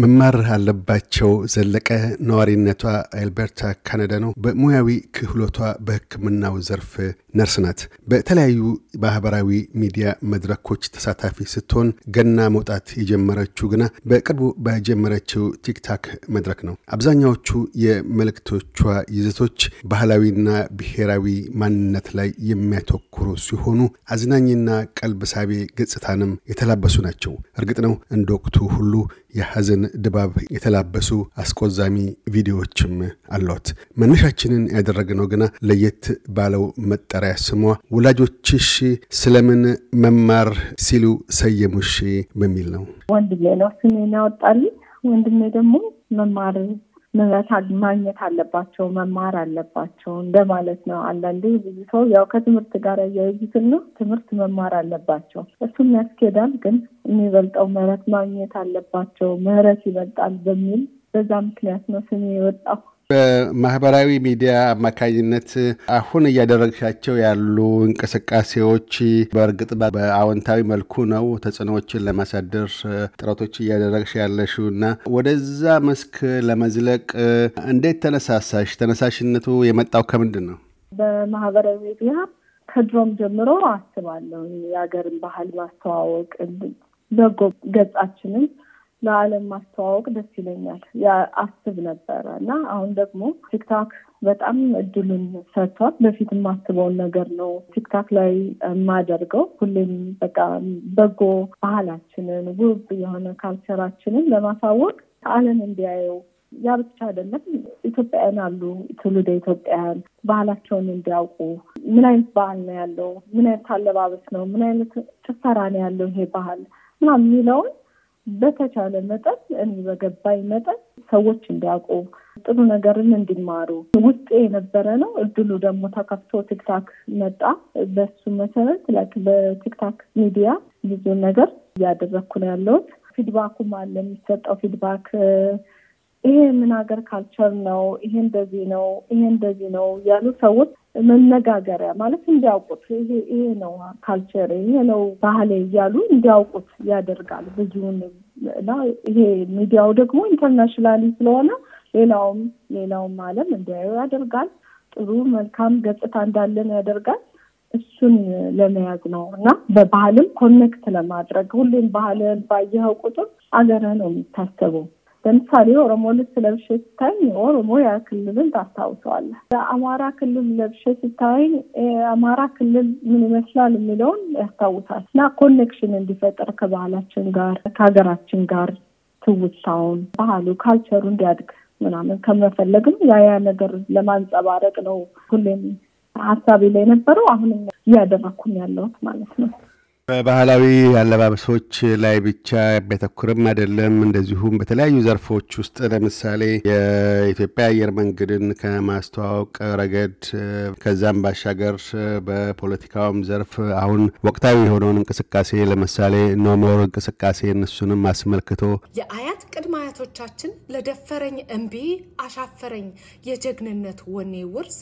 መማር አለባቸው ዘለቀ ነዋሪነቷ አልበርታ ካናዳ ነው። በሙያዊ ክህሎቷ በሕክምናው ዘርፍ ነርስ ናት። በተለያዩ ማህበራዊ ሚዲያ መድረኮች ተሳታፊ ስትሆን ገና መውጣት የጀመረችው ግና በቅርቡ በጀመረችው ቲክታክ መድረክ ነው። አብዛኛዎቹ የመልእክቶቿ ይዘቶች ባህላዊና ብሔራዊ ማንነት ላይ የሚያተኩሩ ሲሆኑ አዝናኝና ቀልብ ሳቤ ገጽታንም የተላበሱ ናቸው። እርግጥ ነው እንደ ወቅቱ ሁሉ የሐዘን ድባብ የተላበሱ አስቆዛሚ ቪዲዮዎችም አሏት። መነሻችንን ያደረግነው ግና ለየት ባለው መጠሪያ ስሟ ወላጆችሽ ስለምን መማር ሲሉ ሰየሙሽ በሚል ነው። ወንድሜ ነው ስሜን ያወጣልኝ። ወንድሜ ደግሞ መማር ንብረት ማግኘት አለባቸው፣ መማር አለባቸው እንደማለት ነው። አንዳንዴ ብዙ ሰው ያው ከትምህርት ጋር እያያይዙትና ትምህርት መማር አለባቸው እሱም ያስኬዳል፣ ግን የሚበልጠው ምህረት ማግኘት አለባቸው፣ ምህረት ይበልጣል በሚል በዛ ምክንያት ነው ስሜ የወጣው። በማህበራዊ ሚዲያ አማካኝነት አሁን እያደረግሻቸው ያሉ እንቅስቃሴዎች በእርግጥ በአዎንታዊ መልኩ ነው ተጽዕኖዎችን ለማሳደር ጥረቶች እያደረግሽ ያለሽው እና ወደዛ መስክ ለመዝለቅ እንዴት ተነሳሳሽ? ተነሳሽነቱ የመጣው ከምንድን ነው? በማህበራዊ ሚዲያ ከድሮም ጀምሮ አስባለሁ የሀገርን ባህል ማስተዋወቅ በጎ ገጻችንን ለዓለም ማስተዋወቅ ደስ ይለኛል አስብ ነበረ እና አሁን ደግሞ ቲክታክ በጣም እድሉን ሰጥቷል። በፊት የማስበውን ነገር ነው ቲክታክ ላይ የማደርገው። ሁሌም በቃ በጎ ባህላችንን ውብ የሆነ ካልቸራችንን ለማሳወቅ ዓለም እንዲያየው ያ ብቻ አይደለም። ኢትዮጵያውያን አሉ፣ ትውልደ ኢትዮጵያውያን ባህላቸውን እንዲያውቁ ምን አይነት ባህል ነው ያለው፣ ምን አይነት አለባበስ ነው፣ ምን አይነት ጭፈራ ነው ያለው ይሄ ባህል ምናምን የሚለውን በተቻለ መጠን እኔ በገባኝ መጠን ሰዎች እንዲያውቁ ጥሩ ነገርን እንዲማሩ ውጤ የነበረ ነው። እድሉ ደግሞ ተከፍቶ ቲክታክ መጣ። በሱ መሰረት ላይክ በቲክታክ ሚዲያ ብዙ ነገር እያደረግኩ ነው ያለሁት። ፊድባኩም አለ የሚሰጠው ፊድባክ ይሄ ምን ሀገር ካልቸር ነው፣ ይሄ እንደዚህ ነው፣ ይሄ እንደዚህ ነው ያሉ ሰዎች መነጋገሪያ ማለት እንዲያውቁት ይሄ ነው ካልቸር፣ ይሄ ነው ባህሌ እያሉ እንዲያውቁት ያደርጋል ብዙውን እና ይሄ ሚዲያው ደግሞ ኢንተርናሽናሊ ስለሆነ ሌላውም ሌላውም ዓለም እንዲያዩ ያደርጋል። ጥሩ መልካም ገጽታ እንዳለን ያደርጋል። እሱን ለመያዝ ነው እና በባህልም ኮኔክት ለማድረግ ሁሌም ባህልን ባየኸው ቁጥር አገረ ነው የሚታሰበው። ለምሳሌ ኦሮሞ ልብስ ለብሼ ስታይኝ ኦሮሞ ያ ክልልን ታስታውሰዋለህ። በአማራ ክልል ለብሼ ስታይኝ አማራ ክልል ምን ይመስላል የሚለውን ያስታውሳል እና ኮኔክሽን እንዲፈጠር ከባህላችን ጋር ከሀገራችን ጋር ትውስታውን፣ ባህሉ፣ ካልቸሩ እንዲያድግ ምናምን ከመፈለግም ያ ያ ነገር ለማንጸባረቅ ነው ሁሌም ሀሳቤ ላይ የነበረው አሁንም እያደረግኩም ያለሁት ማለት ነው። በባህላዊ አለባበሶች ላይ ብቻ የሚያተኩርም አይደለም። እንደዚሁም በተለያዩ ዘርፎች ውስጥ ለምሳሌ የኢትዮጵያ አየር መንገድን ከማስተዋወቅ ረገድ ከዛም ባሻገር በፖለቲካውም ዘርፍ አሁን ወቅታዊ የሆነውን እንቅስቃሴ ለምሳሌ ኖሞር እንቅስቃሴ እነሱንም አስመልክቶ የአያት ቅድመ አያቶቻችን ለደፈረኝ እምቢ አሻፈረኝ የጀግንነት ወኔ ውርስ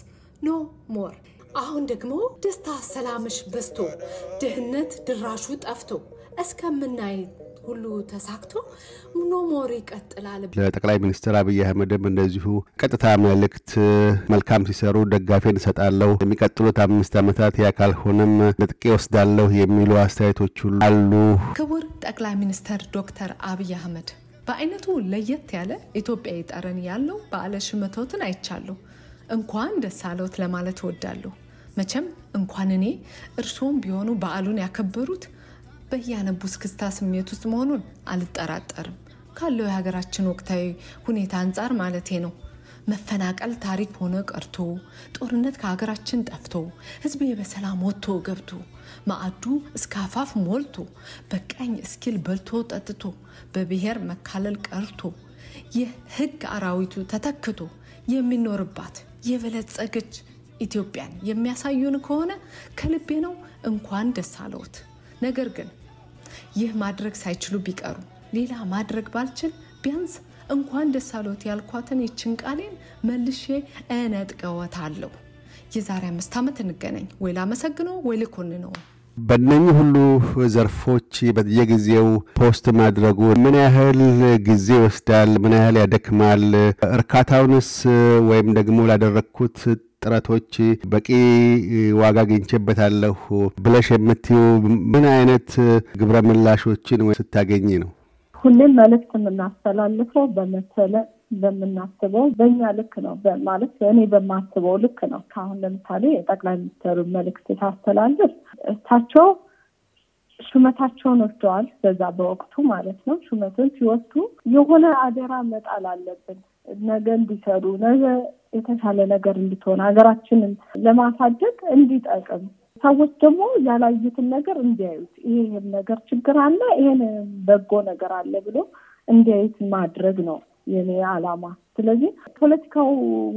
ኖ ሞር አሁን ደግሞ ደስታ ሰላምሽ በዝቶ ድህነት ድራሹ ጠፍቶ እስከምናይ ሁሉ ተሳክቶ ኖሞር ይቀጥላል። ለጠቅላይ ሚኒስትር አብይ አህመድም እንደዚሁ ቀጥታ መልእክት መልካም ሲሰሩ ደጋፊ እንሰጣለሁ፣ የሚቀጥሉት አምስት ዓመታት ያ ካልሆነም ለጥቄ ወስዳለሁ የሚሉ አስተያየቶች ሁሉ አሉ። ክቡር ጠቅላይ ሚኒስትር ዶክተር አብይ አህመድ በአይነቱ ለየት ያለ ኢትዮጵያዊ ጠረን ያለው በዓለ ሽመቶትን አይቻለሁ። እንኳን ደስ አለዎት ለማለት እወዳለሁ። መቼም እንኳን እኔ እርስዎም ቢሆኑ በዓሉን ያከበሩት በያነቡ ክስታ ስሜት ውስጥ መሆኑን አልጠራጠርም። ካለው የሀገራችን ወቅታዊ ሁኔታ አንጻር ማለቴ ነው። መፈናቀል ታሪክ ሆኖ ቀርቶ ጦርነት ከሀገራችን ጠፍቶ ሕዝቤ በሰላም ወጥቶ ገብቶ ማዕዱ እስከ አፋፍ ሞልቶ በቀኝ እስኪል በልቶ ጠጥቶ በብሔር መካለል ቀርቶ ህግ አራዊቱ ተተክቶ የሚኖርባት የበለጸገች ኢትዮጵያን የሚያሳዩን ከሆነ ከልቤ ነው እንኳን ደስ አለዎት። ነገር ግን ይህ ማድረግ ሳይችሉ ቢቀሩ ሌላ ማድረግ ባልችል ቢያንስ እንኳን ደስ አለዎት ያልኳትን ይችን ቃሌን መልሼ እነጥቀወታለሁ። የዛሬ አምስት ዓመት እንገናኝ። ወይ ላመሰግነው ወይ ልኮንነው። በእነኚህ ሁሉ ዘርፎች በየጊዜው ፖስት ማድረጉ ምን ያህል ጊዜ ይወስዳል? ምን ያህል ያደክማል? እርካታውንስ ወይም ደግሞ ላደረግኩት ጥረቶች በቂ ዋጋ አግኝቼበታለሁ ብለሽ የምትዩ ምን አይነት ግብረ ምላሾችን ስታገኝ ነው? ሁሌም መልእክት የምናስተላልፈው በመሰለ በምናስበው በኛ ልክ ነው ማለት እኔ በማስበው ልክ ነው። ካሁን ለምሳሌ ጠቅላይ ሚኒስትሩ መልእክት ታስተላልፍ እሳቸው ሹመታቸውን ወስደዋል። በዛ በወቅቱ ማለት ነው። ሹመትን ሲወስዱ የሆነ አደራ መጣል አለብን ነገ እንዲሰሩ ነገ የተሻለ ነገር እንድትሆን ሀገራችንን ለማሳደግ እንዲጠቅም ሰዎች ደግሞ ያላዩትን ነገር እንዲያዩት ይሄ ነገር ችግር አለ፣ ይሄን በጎ ነገር አለ ብሎ እንዲያዩት ማድረግ ነው የኔ አላማ። ስለዚህ ፖለቲካው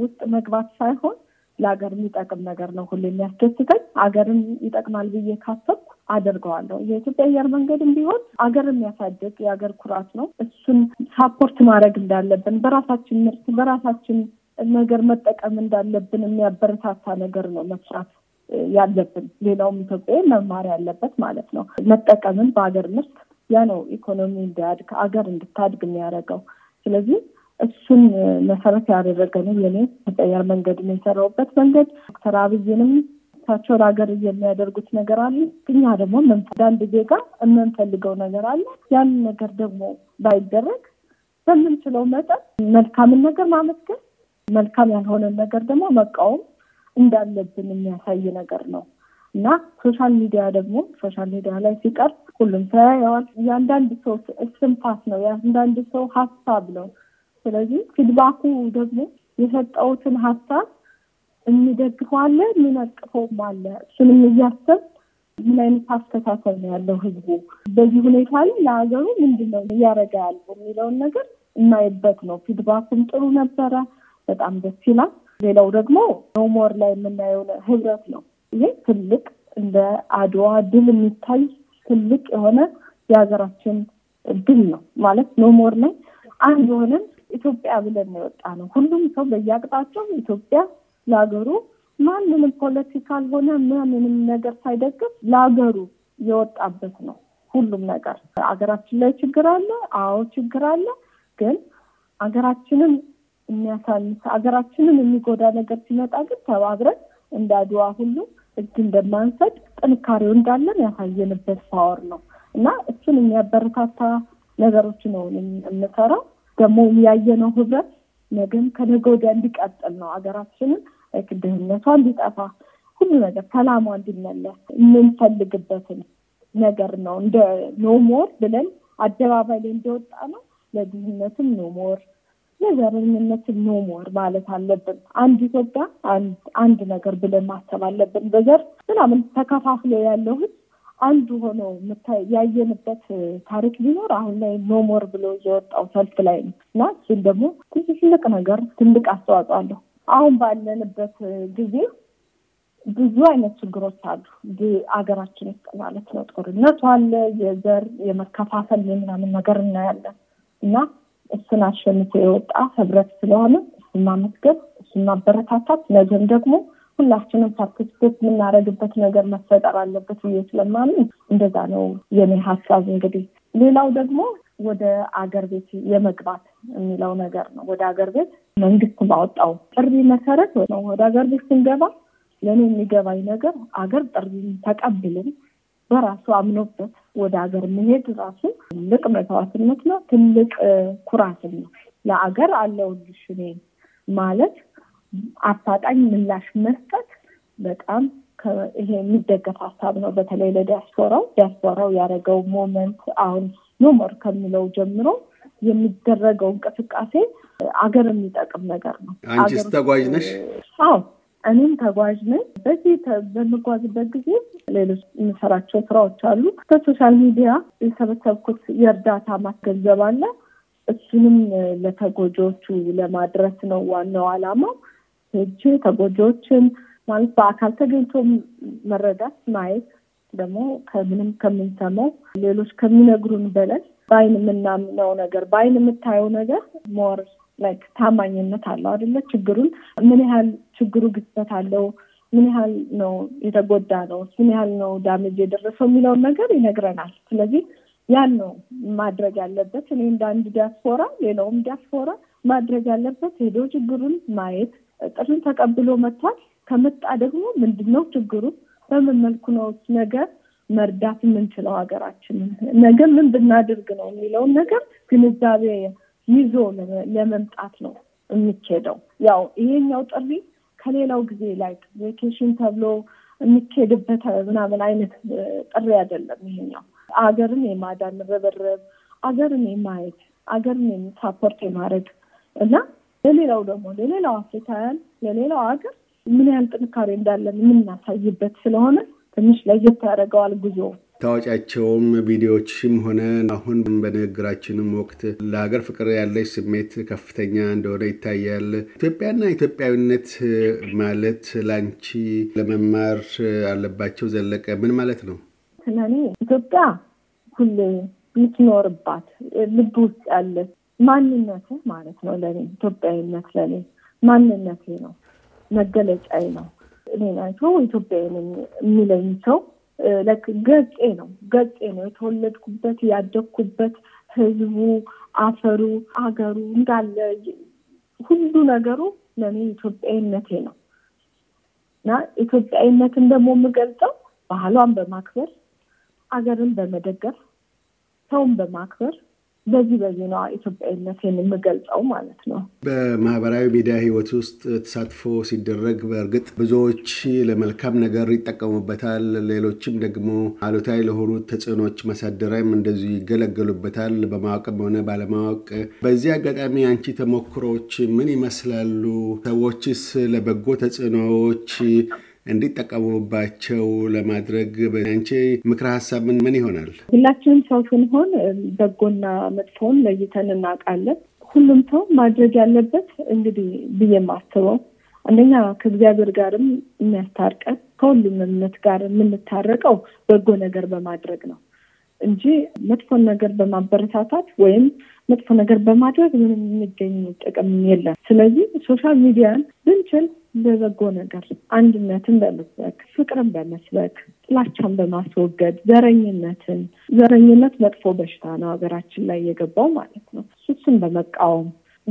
ውስጥ መግባት ሳይሆን ለሀገር የሚጠቅም ነገር ነው ሁሉ የሚያስደስተኝ። አገርም ይጠቅማል ብዬ ካሰብኩ አደርገዋለሁ። የኢትዮጵያ አየር መንገድም ቢሆን አገር የሚያሳድግ የሀገር ኩራት ነው። እሱን ሳፖርት ማድረግ እንዳለብን በራሳችን ምርት በራሳችን ነገር መጠቀም እንዳለብን የሚያበረታታ ነገር ነው መስራት ያለብን። ሌላውም ኢትዮጵያ መማር ያለበት ማለት ነው መጠቀምን በሀገር ምርት ያ ነው ኢኮኖሚ እንዲያድግ አገር እንድታድግ የሚያደርገው። ስለዚህ እሱን መሰረት ያደረገ ነው የኔ አየር መንገድ የሚሰራውበት መንገድ ዶክተር አብይንም እሳቸው ለሀገር የሚያደርጉት ነገር አለ። እኛ ደግሞ አንዳንድ ዜጋ የምንፈልገው ነገር አለ። ያን ነገር ደግሞ ባይደረግ በምንችለው መጠን መልካምን ነገር ማመስገን፣ መልካም ያልሆነን ነገር ደግሞ መቃወም እንዳለብን የሚያሳይ ነገር ነው። እና ሶሻል ሚዲያ ደግሞ ሶሻል ሚዲያ ላይ ሲቀርብ ሁሉም ተያየዋል። የአንዳንድ ሰው ስንፋት ነው፣ የአንዳንድ ሰው ሀሳብ ነው። ስለዚህ ፊድባኩ ደግሞ የሰጠውትን ሀሳብ የሚደግፈው አለ፣ የሚነቅፈውም አለ። እሱንም እያሰብ ምን አይነት አስተሳሰብ ነው ያለው ህዝቡ በዚህ ሁኔታ ላይ ለሀገሩ ምንድን ነው እያደረገ ያለው የሚለውን ነገር እናይበት ነው። ፊድባኩም ጥሩ ነበረ፣ በጣም ደስ ይላል። ሌላው ደግሞ ኖሞር ላይ የምናየው ህብረት ነው ይህ ትልቅ እንደ አድዋ ድል የሚታይ ትልቅ የሆነ የሀገራችን ድል ነው ማለት ኖሞር ላይ አንድ የሆነን ኢትዮጵያ ብለን የወጣ ነው። ሁሉም ሰው በየአቅጣጫው ኢትዮጵያ ለሀገሩ ማንንም ፖለቲካል ሆነ ምንም ነገር ሳይደግፍ ለሀገሩ የወጣበት ነው። ሁሉም ነገር ሀገራችን ላይ ችግር አለ። አዎ ችግር አለ። ግን ሀገራችንን የሚያሳንስ ሀገራችንን የሚጎዳ ነገር ሲመጣ ግን ተባብረን እንደ አድዋ ሁሉ እጅ እንደማንሰጥ ጥንካሬው እንዳለን ያሳየንበት ፓወር ነው እና እሱን የሚያበረታታ ነገሮች ነው የምንሰራው። ደግሞ ያየነው ህብረት ነገም ከነገ ወዲያ እንዲቀጥል ነው። ሀገራችንን ድህነቷ እንዲጠፋ ሁሉ ነገር ሰላሟ እንዲመለስ የምንፈልግበትን ነገር ነው። እንደ ኖሞር ብለን አደባባይ ላይ እንደወጣ ነው ለድህነትም ኖሞር የዘረኝነትን ኖ ሞር ማለት አለብን። አንድ ኢትዮጵያ አንድ ነገር ብለን ማሰብ አለብን። በዘር ምናምን ተከፋፍሎ ያለው ህዝብ አንዱ ሆኖ ያየንበት ታሪክ ቢኖር አሁን ላይ ኖሞር ብሎ የወጣው ሰልፍ ላይ ነው እና እሱን ደግሞ ትልቅ ነገር ትልቅ አስተዋጽኦ አለው። አሁን ባለንበት ጊዜ ብዙ አይነት ችግሮች አሉ አገራችን ውስጥ ማለት ነው። ጦርነቱ አለ፣ የዘር የመከፋፈል የምናምን ነገር እናያለን እና እሱን አሸንፎ የወጣ ህብረት ስለሆነ እሱን ማመስገን፣ እሱን ማበረታታት ነገም ደግሞ ሁላችንም ፓርቲስፔት የምናደርግበት ነገር መፈጠር አለበት ብዬ ስለማምን እንደዛ ነው የኔ ሀሳብ። እንግዲህ ሌላው ደግሞ ወደ አገር ቤት የመግባት የሚለው ነገር ነው። ወደ አገር ቤት መንግስት ባወጣው ጥሪ መሰረት ነው ወደ አገር ቤት ስንገባ ለእኔ የሚገባኝ ነገር አገር ጥሪ ተቀብልም በራሱ አምኖበት ወደ ሀገር መሄድ ራሱ ትልቅ መስዋዕትነት ነው፣ ትልቅ ኩራትም ነው። ለአገር አለሁልሽ እኔ ማለት አፋጣኝ ምላሽ መስጠት በጣም ይሄ የሚደገፍ ሀሳብ ነው። በተለይ ለዲያስፖራው ዲያስፖራው ያደረገው ሞመንት አሁን ኖሞር ከሚለው ጀምሮ የሚደረገው እንቅስቃሴ አገር የሚጠቅም ነገር ነው። አንቺስ ተጓዥ ነሽ? አዎ እኔም ተጓዥ ነኝ። በዚህ በምጓዝበት ጊዜ ሌሎች የምሰራቸው ስራዎች አሉ። በሶሻል ሚዲያ የሰበሰብኩት የእርዳታ ማስገንዘብ አለ። እሱንም ለተጎጂዎቹ ለማድረስ ነው ዋናው አላማው ሄጄ ተጎጂዎችን ማለት በአካል ተገኝቶ መረዳት ማየት ደግሞ ከምንም ከምንሰማው ሌሎች ከሚነግሩን በላይ በአይን የምናምነው ነገር በአይን የምታየው ነገር ሞር ላይክ ታማኝነት አለው አይደለ? ችግሩን ምን ያህል ችግሩ ግጭት አለው ምን ያህል ነው የተጎዳ ነው፣ ምን ያህል ነው ዳሜጅ የደረሰው የሚለውን ነገር ይነግረናል። ስለዚህ ያን ነው ማድረግ ያለበት። እኔ እንደ አንድ ዲያስፖራ፣ ሌላውም ዲያስፖራ ማድረግ ያለበት ሄዶ ችግሩን ማየት፣ ጥሪን ተቀብሎ መጥቷል። ከመጣ ደግሞ ምንድን ነው ችግሩ፣ በምን መልኩ ነው ነገር መርዳት የምንችለው ሀገራችንን፣ ነገ ምን ብናድርግ ነው የሚለውን ነገር ግንዛቤ ይዞ ለመምጣት ነው የሚኬደው። ያው ይሄኛው ጥሪ ከሌላው ጊዜ ላይ ቬኬሽን ተብሎ የሚካሄድበት ምናምን አይነት ጥሪ አይደለም ይሄኛው። አገርን የማዳን ርብርብ፣ አገርን የማየት አገርን ሳፖርት የማድረግ እና ለሌላው ደግሞ ለሌላው አፍሪካውያን ለሌላው ሀገር ምን ያህል ጥንካሬ እንዳለን የምናሳይበት ስለሆነ ትንሽ ለየት ያደርገዋል ጉዞ ታዋቂያቸውም ቪዲዮዎችም ሆነ አሁን በንግግራችንም ወቅት ለሀገር ፍቅር ያለች ስሜት ከፍተኛ እንደሆነ ይታያል። ኢትዮጵያና ኢትዮጵያዊነት ማለት ላንቺ ለመማር አለባቸው ዘለቀ ምን ማለት ነው? ስለኔ ኢትዮጵያ ሁሌ የምትኖርባት ልብ ውስጥ ያለ ማንነቴ ማለት ነው። ለኔ ኢትዮጵያዊነት ለኔ ማንነቴ ነው፣ መገለጫዬ ነው። እኔ ናቸው ኢትዮጵያዊ የሚለኝ ሰው ገጤ ነው ገጤ ነው የተወለድኩበት ያደግኩበት ህዝቡ፣ አፈሩ፣ አገሩ እንዳለ ሁሉ ነገሩ ለእኔ ኢትዮጵያዊነቴ ነው እና ኢትዮጵያዊነትን ደግሞ የምገልጸው ባህሏን በማክበር አገርን በመደገፍ ሰውን በማክበር በዚህ በዚህ ነው ኢትዮጵያዊነት የምገልጸው ማለት ነው። በማህበራዊ ሚዲያ ህይወት ውስጥ ተሳትፎ ሲደረግ በእርግጥ ብዙዎች ለመልካም ነገር ይጠቀሙበታል፣ ሌሎችም ደግሞ አሉታዊ ለሆኑ ተጽዕኖች ማሳደሪያም እንደዚሁ ይገለገሉበታል በማወቅም ሆነ ባለማወቅ። በዚህ አጋጣሚ አንቺ ተሞክሮዎች ምን ይመስላሉ? ሰዎችስ ለበጎ ተጽዕኖዎች እንዲጠቀሙባቸው ለማድረግ በአንቺ ምክረ ሀሳብ ምን ምን ይሆናል? ሁላችንም ሰው ስንሆን በጎና መጥፎውን ለይተን እናውቃለን። ሁሉም ሰው ማድረግ ያለበት እንግዲህ ብዬ የማስበው አንደኛ ከእግዚአብሔር ጋርም የሚያስታርቀን ከሁሉም እምነት ጋር የምንታረቀው በጎ ነገር በማድረግ ነው እንጂ መጥፎን ነገር በማበረታታት ወይም መጥፎ ነገር በማድረግ ምንም የሚገኝ ጥቅም የለም። ስለዚህ ሶሻል ሚዲያን ብንችል በበጎ ነገር አንድነትን በመስበክ ፍቅርን በመስበክ ጥላቻን በማስወገድ ዘረኝነትን ዘረኝነት መጥፎ በሽታ ነው ሀገራችን ላይ የገባው ማለት ነው። እሱን በመቃወም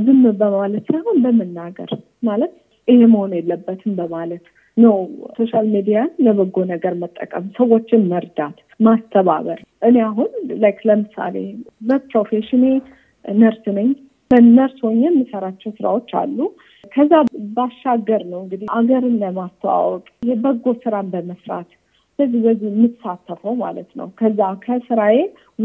ዝም በማለት ሳይሆን በመናገር ማለት ይሄ መሆን የለበትም በማለት ነው። ሶሻል ሚዲያን ለበጎ ነገር መጠቀም፣ ሰዎችን መርዳት፣ ማስተባበር። እኔ አሁን ላይክ ለምሳሌ በፕሮፌሽኔ ነርስ ነኝ። ነርስ ሆኜ የምሰራቸው ስራዎች አሉ። ከዛ ባሻገር ነው እንግዲህ አገርን ለማስተዋወቅ የበጎ ስራን በመስራት በዚህ በዚህ የምሳተፈው ማለት ነው። ከዛ ከስራዬ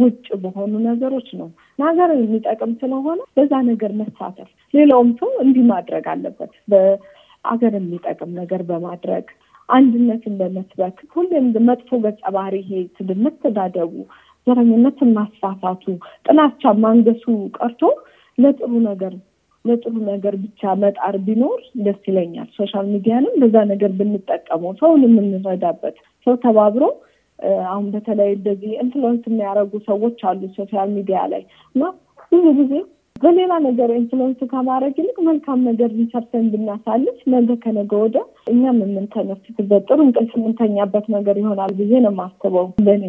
ውጭ በሆኑ ነገሮች ነው ሀገር የሚጠቅም ስለሆነ በዛ ነገር መሳተፍ፣ ሌላውም ሰው እንዲህ ማድረግ አለበት። በአገር የሚጠቅም ነገር በማድረግ አንድነትን በመስበክ ሁሌም መጥፎ ገጸ ባህሪ ይሄ መተዳደቡ፣ ዘረኝነትን ማስፋፋቱ፣ ጥላቻ ማንገሱ ቀርቶ ለጥሩ ነገር ለጥሩ ነገር ብቻ መጣር ቢኖር ደስ ይለኛል። ሶሻል ሚዲያንም በዛ ነገር ብንጠቀመው ሰውን የምንረዳበት ሰው ተባብሮ አሁን በተለይ እንደዚህ ኢንፍሉወንስ የሚያደርጉ ሰዎች አሉ ሶሻል ሚዲያ ላይ እና ብዙ ጊዜ በሌላ ነገር ኢንፍሉዌንስ ከማድረግ ይልቅ መልካም ነገር ሊሰርተን ብናሳልፍ ነገ ከነገ ወደ እኛም የምንተነፍስበት ጥሩ እንቅልፍ የምንተኛበት ነገር ይሆናል ብዬ ነው የማስበው። በእኔ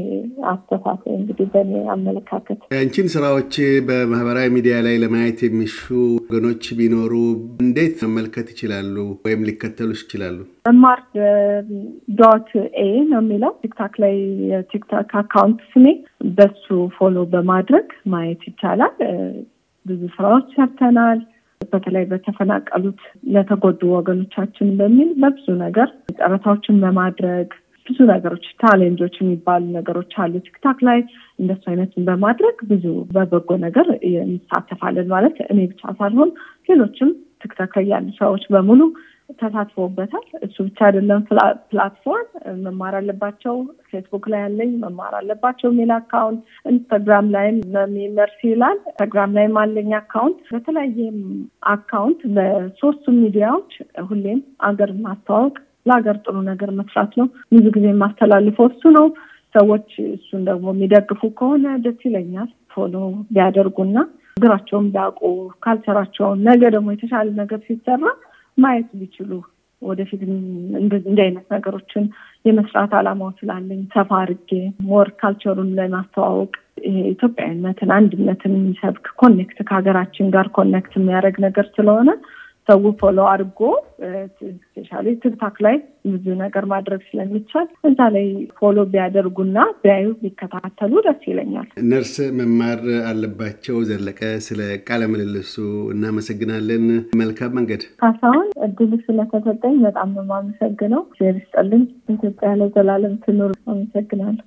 አስተሳሰብ እንግዲህ በእኔ አመለካከት ያንቺን ስራዎች በማህበራዊ ሚዲያ ላይ ለማየት የሚሹ ወገኖች ቢኖሩ እንዴት መመልከት ይችላሉ ወይም ሊከተሉ ይችላሉ? ማር ዶት ኤ ነው የሚለው ቲክታክ ላይ የቲክታክ አካውንት ስሜ በሱ ፎሎ በማድረግ ማየት ይቻላል። ብዙ ስራዎች ሰርተናል። በተለይ በተፈናቀሉት ለተጎዱ ወገኖቻችን በሚል በብዙ ነገር ጨረታዎችን በማድረግ ብዙ ነገሮች ቻሌንጆች የሚባሉ ነገሮች አሉ። ቲክታክ ላይ እንደሱ አይነትን በማድረግ ብዙ በበጎ ነገር እንሳተፋለን ማለት እኔ ብቻ ሳልሆን ሌሎችም ቲክታክ ላይ ያሉ ሰዎች በሙሉ ተሳትፎበታል። እሱ ብቻ አይደለም ፕላትፎርም መማር አለባቸው። ፌስቡክ ላይ ያለኝ መማር አለባቸው ሚል አካውንት፣ ኢንስታግራም ላይም መሚመርስ ይላል። ኢንስታግራም ላይም አለኝ አካውንት። በተለያየ አካውንት በሶስቱ ሚዲያዎች ሁሌም አገር ማስተዋወቅ ለሀገር ጥሩ ነገር መስራት ነው። ብዙ ጊዜ የማስተላልፈው እሱ ነው። ሰዎች እሱን ደግሞ የሚደግፉ ከሆነ ደስ ይለኛል። ፎሎ ቢያደርጉና እግራቸውን ቢያውቁ ካልቸራቸውን ነገ ደግሞ የተሻለ ነገር ሲሰራ ማየት ቢችሉ ወደፊት እንዲህ አይነት ነገሮችን የመስራት አላማው ስላለኝ ሰፋ አድርጌ ሞር ካልቸሩን ለማስተዋወቅ ይሄ ኢትዮጵያዊነትን አንድነትን የሚሰብክ ኮኔክት ከሀገራችን ጋር ኮኔክት የሚያደርግ ነገር ስለሆነ ሰው ፎሎ አድርጎ ስፔሻሊ ትክታክ ላይ ብዙ ነገር ማድረግ ስለሚቻል እዛ ላይ ፎሎ ቢያደርጉና ቢያዩ ቢከታተሉ ደስ ይለኛል። ነርስ መማር አለባቸው ዘለቀ፣ ስለ ቃለ ምልልሱ እናመሰግናለን። መልካም መንገድ። ካሳሁን፣ እድሉ ስለተሰጠኝ በጣም ነው የማመሰግነው። ዜር ይስጠልኝ። ኢትዮጵያ ለዘላለም ትኑር። አመሰግናለሁ።